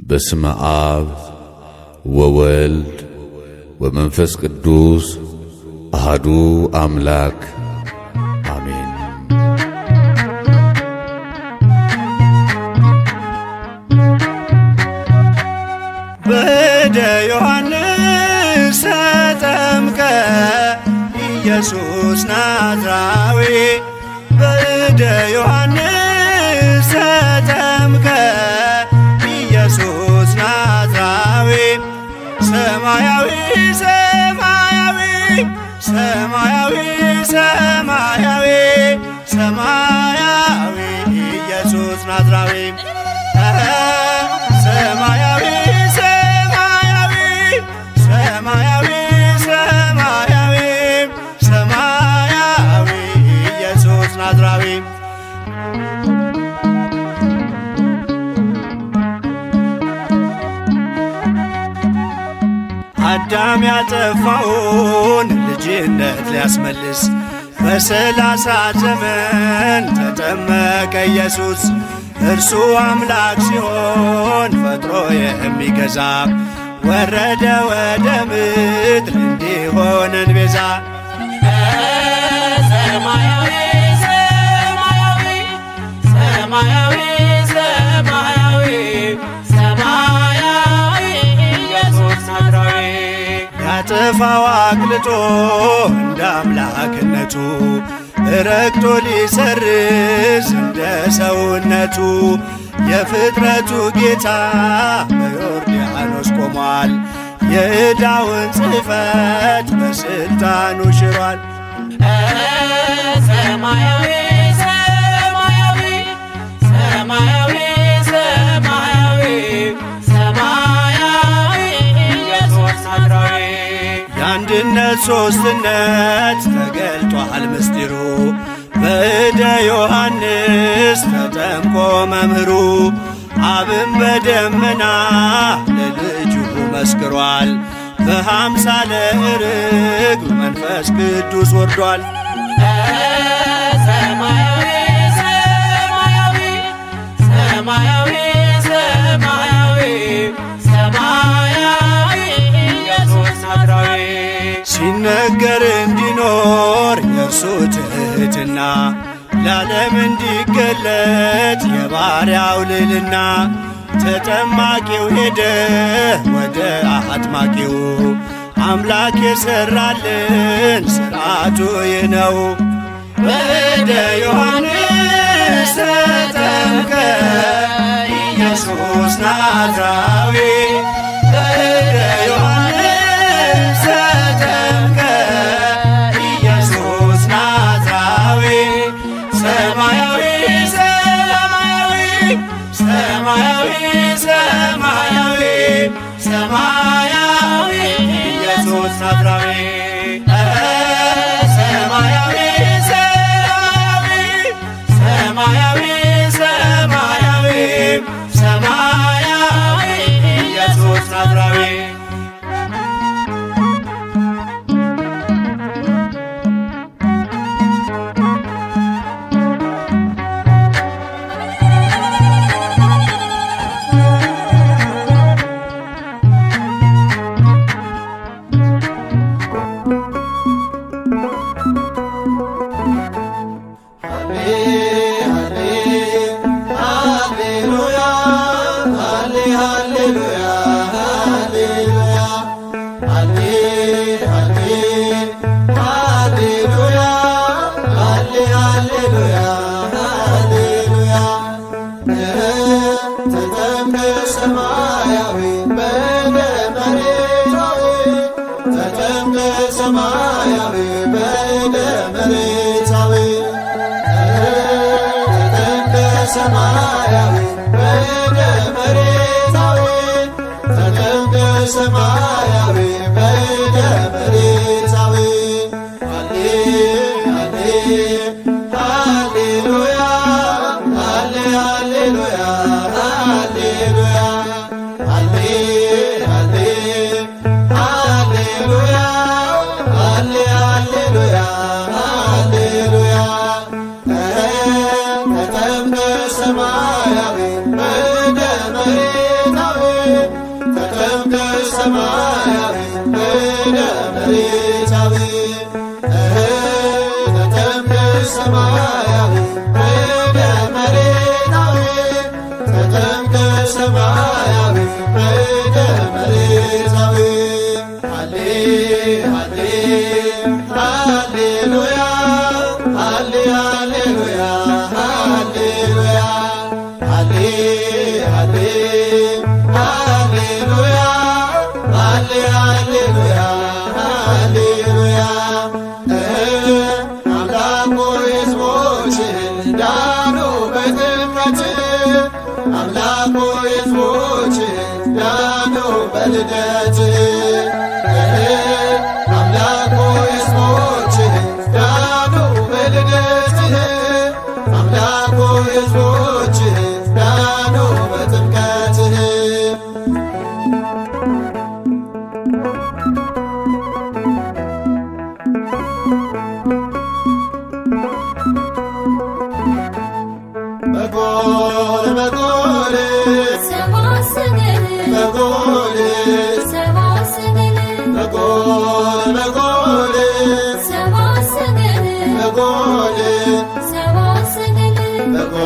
بسم آب وولد ومنفس قدوس أهدو أملاك آمين بدا يوحنس تمك يسوس نازراك ዮሐንስ ናዝራዊ ሰማያዊ ሰማያዊ ሰማያዊ ሰማያዊ ሰማያዊ ኢየሱስ ናዝራዊ አዳም ያጠፋውን ልጅነት ሊያስመልስ በሰላሳ ዘመን ተጠመቀ ኢየሱስ እርሱ አምላክ ሲሆን ፈጥሮ የሚገዛ ወረደ ወደ ምድር እንዲሆነን ቤዛ ሰማያዊ ሰማያዊ ሰማያዊ ሰማያዊ ሰማያዊ ኢየሱስ ያጥፋው አቅልጦ እንደ አምላክነቱ ረግጦ ሊሰርዝ እንደ ሰውነቱ የፍጥረቱ ጌታ በዮርዳኖስ ቆሟል። የዕዳውን ጽሕፈት በስልጣኑ ሽሯል። ሰማያዊ ሰማያዊ ሰማያዊ የአንድነት ሶስትነት ተገልጧል ምስጢሩ በእደ ዮሐንስ ተጠምቆ መምህሩ አብን በደመና ለልጁ መስክሯል። በሃምሳ ርግብ መንፈስ ቅዱስ ወርዷል። ሰማያዊ ሰማያዊ ሰማያዊ ሲነገር እንዲኖር የእርሱ ትህትና ለዓለም እንዲገለጥ የባሪያው ልልና ተጠማቂው ሄደ ወደ አጥማቂው አምላክ የሠራልን ሥርዓቱ ይህ ነው። ወደ ዮሐንስ ተጠምቀ ኢየሱስ ናዝራዊ ሃሌ ሃሌሉያ ሃሌ ሃሌሉያ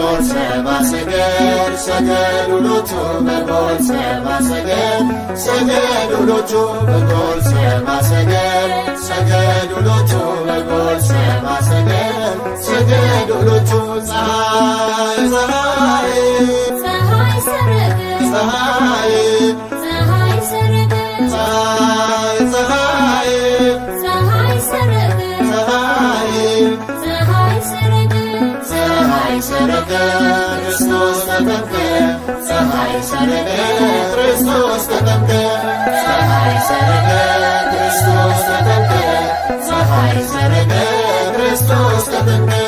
በጎል ሰባ ሰገል ሰገሉ ሎቱ በጎል ሰባ ሰገል ሰገሉ ሎቱ በጎል ሰባ ሰገል ሰገሉ በጎል ሰባ ሰገል ሰገሉ ፀሐይ ፀሐይ ፀሐይ ሰረገ ፀሐይ ፀሐይ ሰረገ ፀሐይ ተጠመቀ፣ ክርስቶስ ተጠምቀ፣ ፀሐይ ሰረቀ፣ ክርስቶስ ተጠምቀ፣ ፀሐይ ሰረቀ፣ ክርስቶስ ተጠምቀ፣ ፀሐይ ሰረቀ፣ ክርስቶስ ተጠምቀ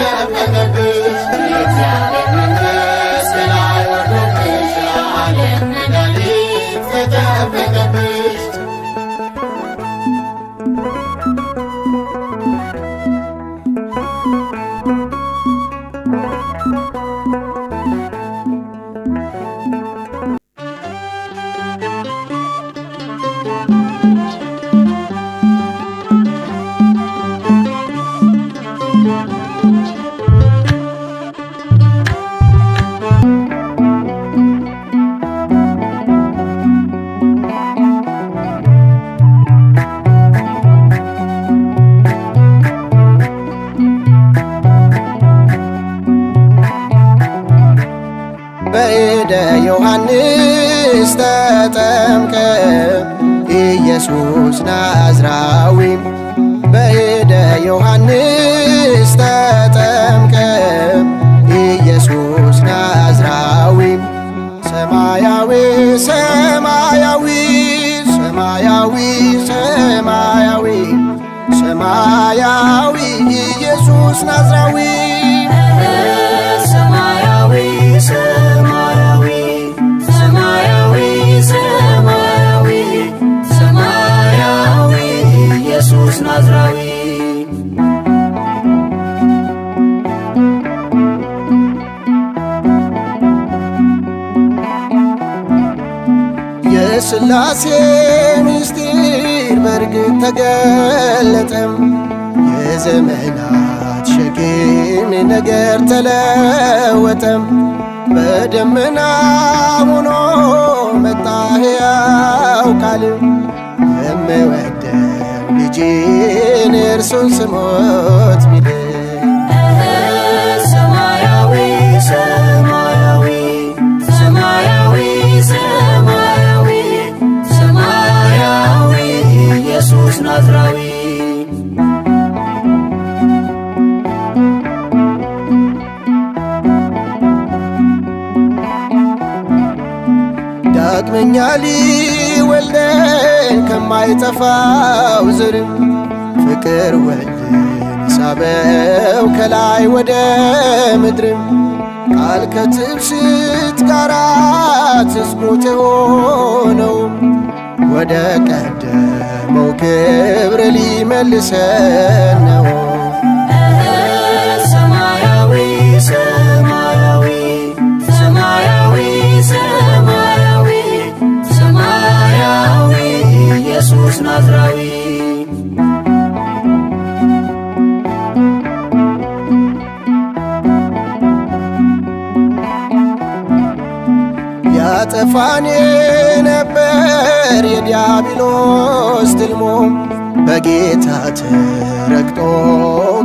not a better bitch. ጠምቀ ኢየሱስ ናዝራዊ በሄደ ዮሐንስ ተጠምቀ ኢየሱስ ናዝራዊ ሰማያዊ ሰማያዊ ሰማያዊ ሰማያዊ ሰማያዊ ኢየሱስ ናዝራዊ ኢየሱስ ናዝራዊ የሥላሴ ምስጢር በርግጥ ተገለጠም የዘመናት ሸክም ነገር ተለወጠም በደመና ሆኖ መጣ ሕያው ቃል ልጄን እርሱን ስሞት ቢል የማይጠፋው ዝር ፍቅር ወልድን ሳበው ከላይ ወደ ምድር ቃል ከትምሽት ጋር ትዝሙት የሆነው ወደ ቀደመው ክብር ሊመልሰን ነው። ጌታ ተረግጦ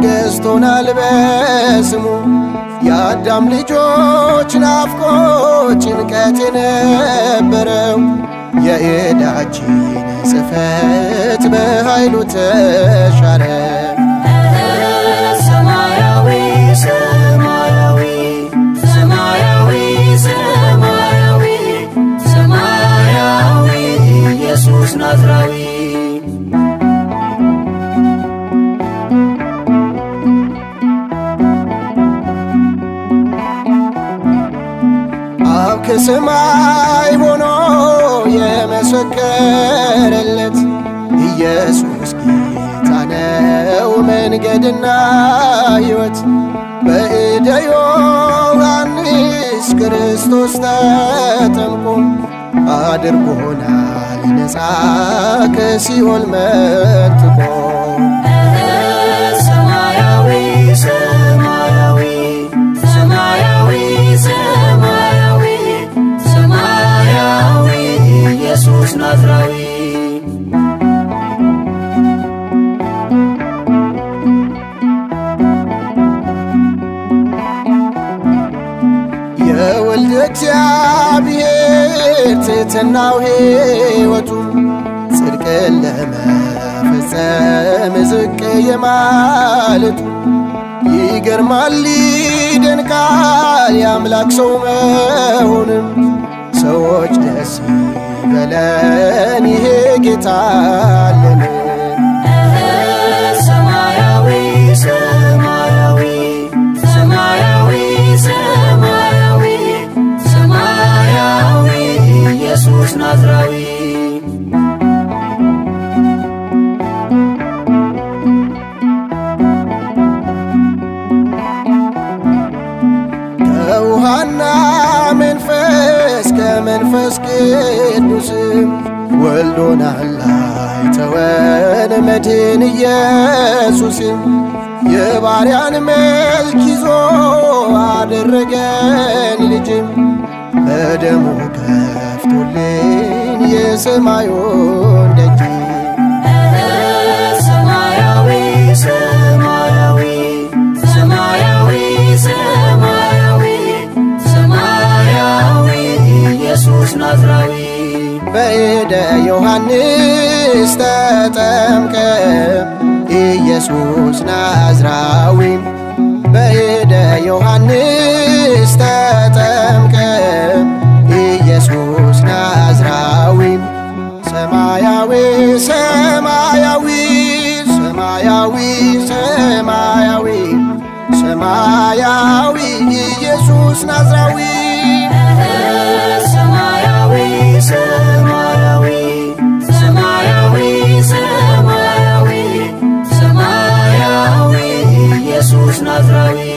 ገዝቶናል በስሙ የአዳም ልጆች ናፍቆ ጭንቀት የነበረው የእዳችን ጽሕፈት በኃይሉ ተሻረ። ገድልና ሕይወት በእደ ዮሐንስ ክርስቶስ ተጠምቆ አድርጎናል ነፃ ከሲኦል መንጥቆ ትሕትናው ሕይወቱ ጽድቅን ለመፈጸም ዝቅ የማለቱ ይገርማል ይደንቃል የአምላክ ሰው መሆንም ሰዎች ደስ ይበለን ይሄ ጌታ አለን። ቅዱስ ናዝራዊ ከውሃና መንፈስ ከመንፈስ ቅዱስም ወልዶናል አይተወን መድን ኢየሱስም የባሪያን መልክ ይዞ አደረገን ልጅም በደሙ ክፈቱልኝ የሰማዩን ደጅ ሰማያዊ ሰማያዊ ሰማያዊ ሰማያዊ በእደ ዮሐንስ ተጠምቀ ኢየሱስ ናዝራዊ በእደ ዮሐንስ ተጠምቀ ሰማያዊ ሰማያዊ ሰማያዊ ሰማያዊ ሰማያዊ ኢየሱስ ናዝራዊ ሰማያዊ ሰማያዊ ሰማያዊ ሰማያዊ ሰማያዊ ኢየሱስ ናዝራዊ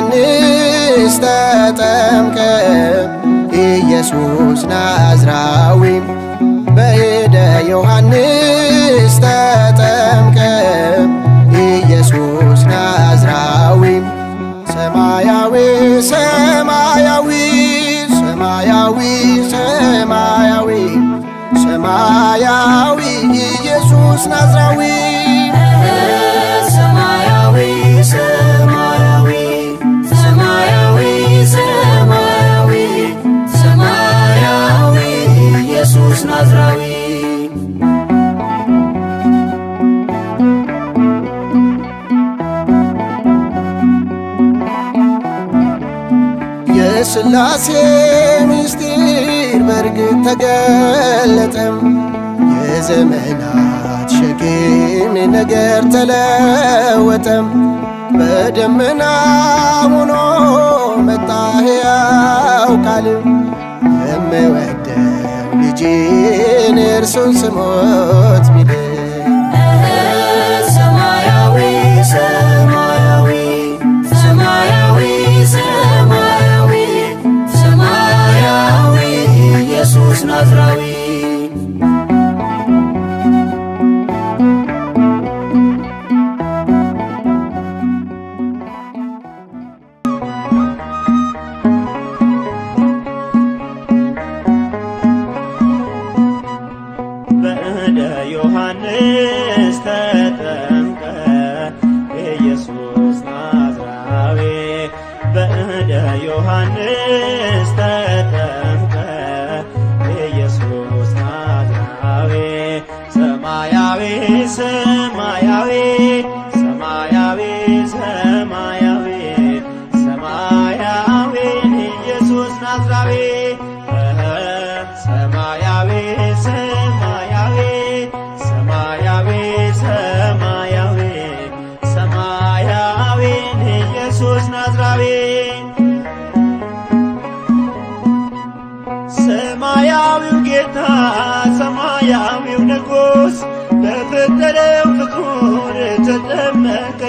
ዮሐንስ ተጠምቀ ኢየሱስ ናዝራዊ በሄደ ዮሐንስ ተጠምቀ ኢየሱስ ናዝራዊ ሰማያዊ ሰማያዊ ሰማያዊ ሰማያዊ ሰማያዊ ኢየሱስ ናዝራዊ የሥላሴ ምስጢር በእርግጥ ተገለጠም የዘመናት ሸክም ነገር ተለወጠም በደመና ሆኖ መጣ ሕያው ቃል የምወደው ልጄን እርሱን ስሞት ቢል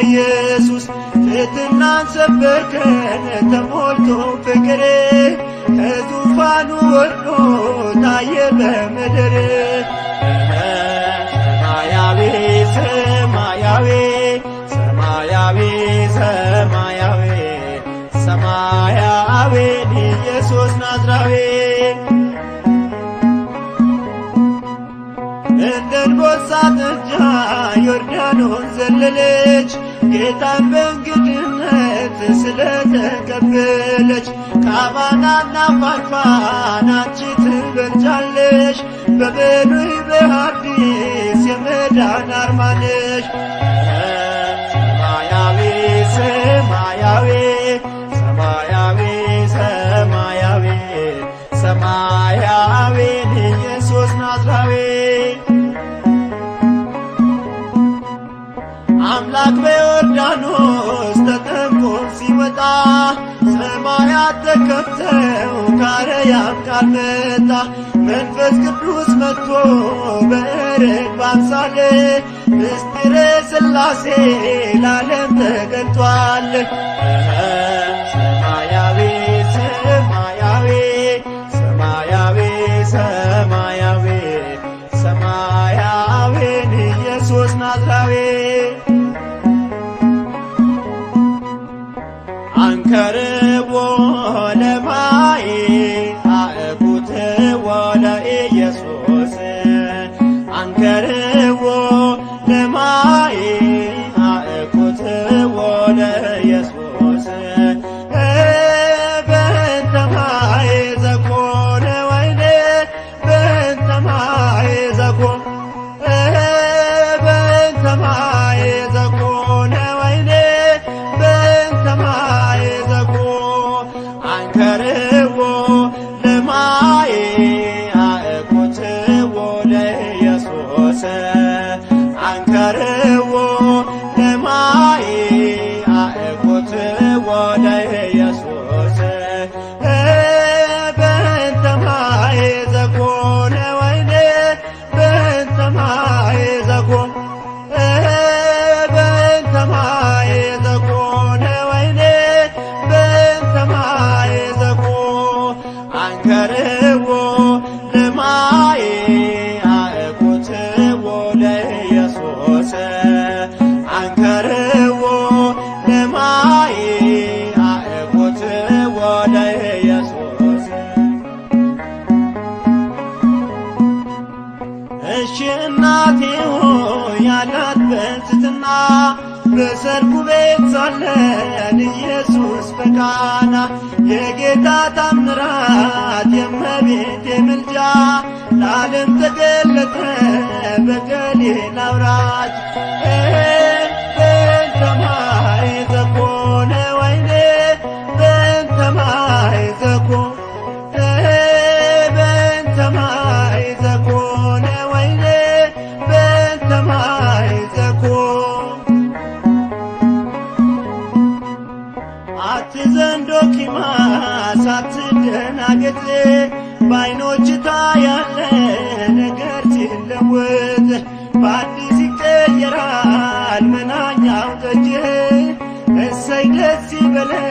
ኢየሱስ ፍትናን ሰበርከን ተሞልቶ ፍቅር ከዙፋኑ ወርዶ ታየ በምድር ሰማያዊ ሰማያዊ ሰማያዊ ሰማያዊ ሰማያዊ ኢየሱስ ናዝራዊ እንደ አንበሳ ጥጃ ዮርዳኖስ ዘለለች ጌታን በእንግድነት ስለተቀበለች ከአማናና ፋይፋን አንቺ ትበልጫለሽ። በብሉይ በሐዲስ የመዳን አርማ ነሽ። ሰማያዊ ሰማያዊ ሰማያዊ ከፍተው ካረያም ካልመጣ መንፈስ ቅዱስ መጥቶ በርግብ አምሳል ምስጢረ ሥላሴ ላለም ተገልጧል። ሰማያዊ ሰማያዊ ሰማያዊ ሰማያዊ ሰማያዊን ኢየሱስ ናዝራዊ አንከር it. እሺ እናቴ ሆይ ያላት በንጽሕና በሰርጉ ቤት ሳለ ኢየሱስ በቃና የጌታ ታምራት የእመቤቴ ምልጃ ለዓለም ተገለጠ በገሊላ አውራጅ ሲለወጥ በዓይኖች ታያለ ነገር ሲለወጥ በአዲስ ይቀየራል መናኛው እሰይ ደስ